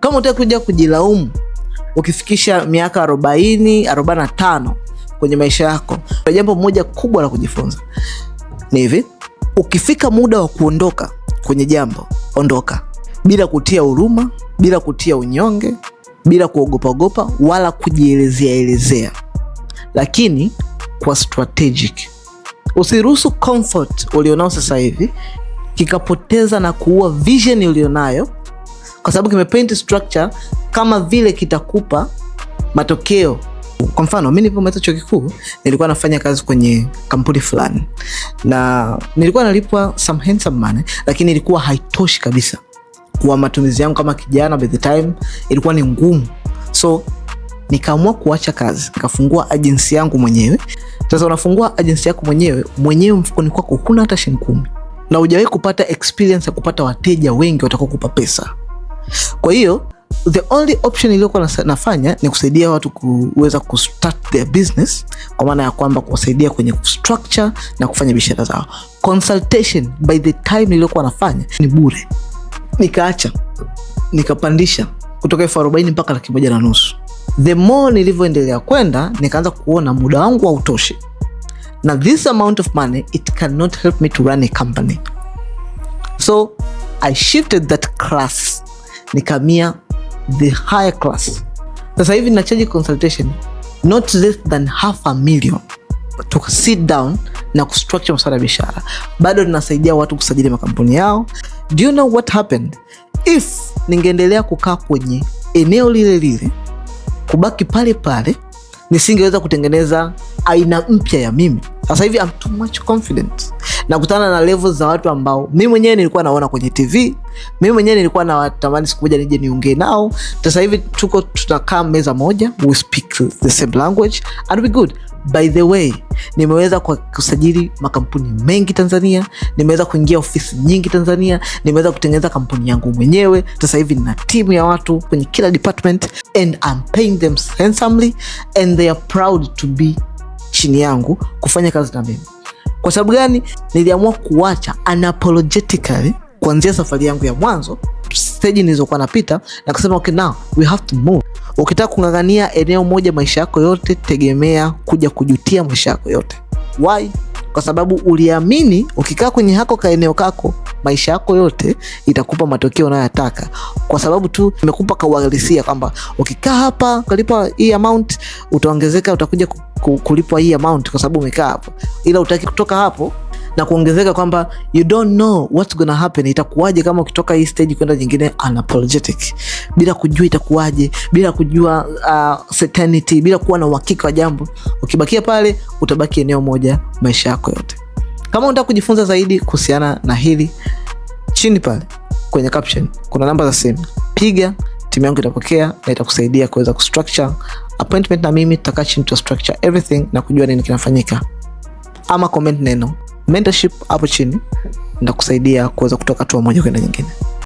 Kama unataka kuja kujilaumu ukifikisha miaka arobaini arobaini na tano kwenye maisha yako, na jambo moja kubwa la kujifunza ni hivi: ukifika muda wa kuondoka kwenye jambo, ondoka bila kutia huruma, bila kutia unyonge, bila kuogopaogopa wala kujielezea elezea, lakini kwa strategic. Usiruhusu comfort ulionao sasa hivi kikapoteza na kuua vision ulionayo kwa sababu kimepaint structure kama vile kitakupa matokeo. Kwa mfano mimi nilipomaliza chuo kikuu nilikuwa nafanya kazi kwenye kampuni fulani na nilikuwa nalipwa some handsome money, lakini ilikuwa haitoshi kabisa kwa matumizi yangu kama kijana. By the time ilikuwa ni ngumu, so nikaamua kuacha kazi, nikafungua agency yangu mwenyewe. Sasa unafungua agency yako mwenyewe mwenyewe, mfukoni kwako huna hata shilingi kumi, na hujawahi kupata experience ya kupata wateja wengi watakokupa pesa. Kwa hiyo the only option iliyokuwa nafanya ni kusaidia watu kuweza kustart their business, kwa maana ya kwamba kuwasaidia kwenye structure na kufanya biashara zao. Consultation by the time niliyokuwa nafanya ni bure, nikaacha nikapandisha kutoka elfu arobaini mpaka laki moja na nusu. The more nilivyoendelea kwenda, nikaanza kuona muda wangu hautoshi na this amount of money it cannot help me to run a company, so I shifted that class nikamia the higher class. Sasa hivi nachaji consultation not less than half a million to sit down na kustructure masuala ya biashara. Bado tunasaidia watu kusajili makampuni yao. Do you know what happened? If ningeendelea kukaa kwenye eneo lile lile kubaki pale pale, nisingeweza kutengeneza aina mpya ya mimi. Sasa hivi I'm too much confident nakutana na level za watu ambao mi mwenyewe nilikuwa naona kwenye TV, mimi mwenyewe nilikuwa nawatamani siku moja nije niongee nao. Sasa hivi tuko tunakaa meza moja, we speak the same language and we good. By the way, nimeweza kusajili makampuni mengi Tanzania, nimeweza kuingia ofisi nyingi Tanzania, nimeweza kutengeneza kampuni yangu mwenyewe. Sasa hivi nina timu ya watu kwenye kila department and I'm paying them handsomely and they are proud to be chini yangu kufanya kazi na mimi. Kwa sababu gani niliamua kuacha unapologetically kuanzia safari yangu ya mwanzo steji nilizokuwa napita na kusema okay, now we have to move. Ukitaka kung'ang'ania eneo moja maisha yako yote, tegemea kuja kujutia maisha yako yote. Why? kwa sababu uliamini ukikaa kwenye hako kaeneo kako maisha yako yote itakupa matokeo unayotaka, kwa sababu tu imekupa kauhalisia kwamba ukikaa hapa ukalipa hii amount utaongezeka, utakuja kulipwa hii amount kwa sababu umekaa hapo, ila utaki kutoka hapo na kuongezeka kwamba you don't know what's gonna happen, itakuwaje kama ukitoka hii stage kwenda nyingine, unapologetic bila kujua itakuwaje, bila kujua uh, certainty, bila kuwa na uhakika wa jambo. Ukibakia pale utabaki eneo moja maisha yako yote. Kama unataka kujifunza zaidi kuhusiana na hili, chini pale kwenye caption kuna namba za simu, piga, timu yangu itapokea na itakusaidia kuweza kustructure appointment na mimi, tutakaa chini, tu structure everything na kujua nini kinafanyika. Ama comment neno mentorship hapo chini, nitakusaidia kuweza kutoka hatua moja kwenda nyingine.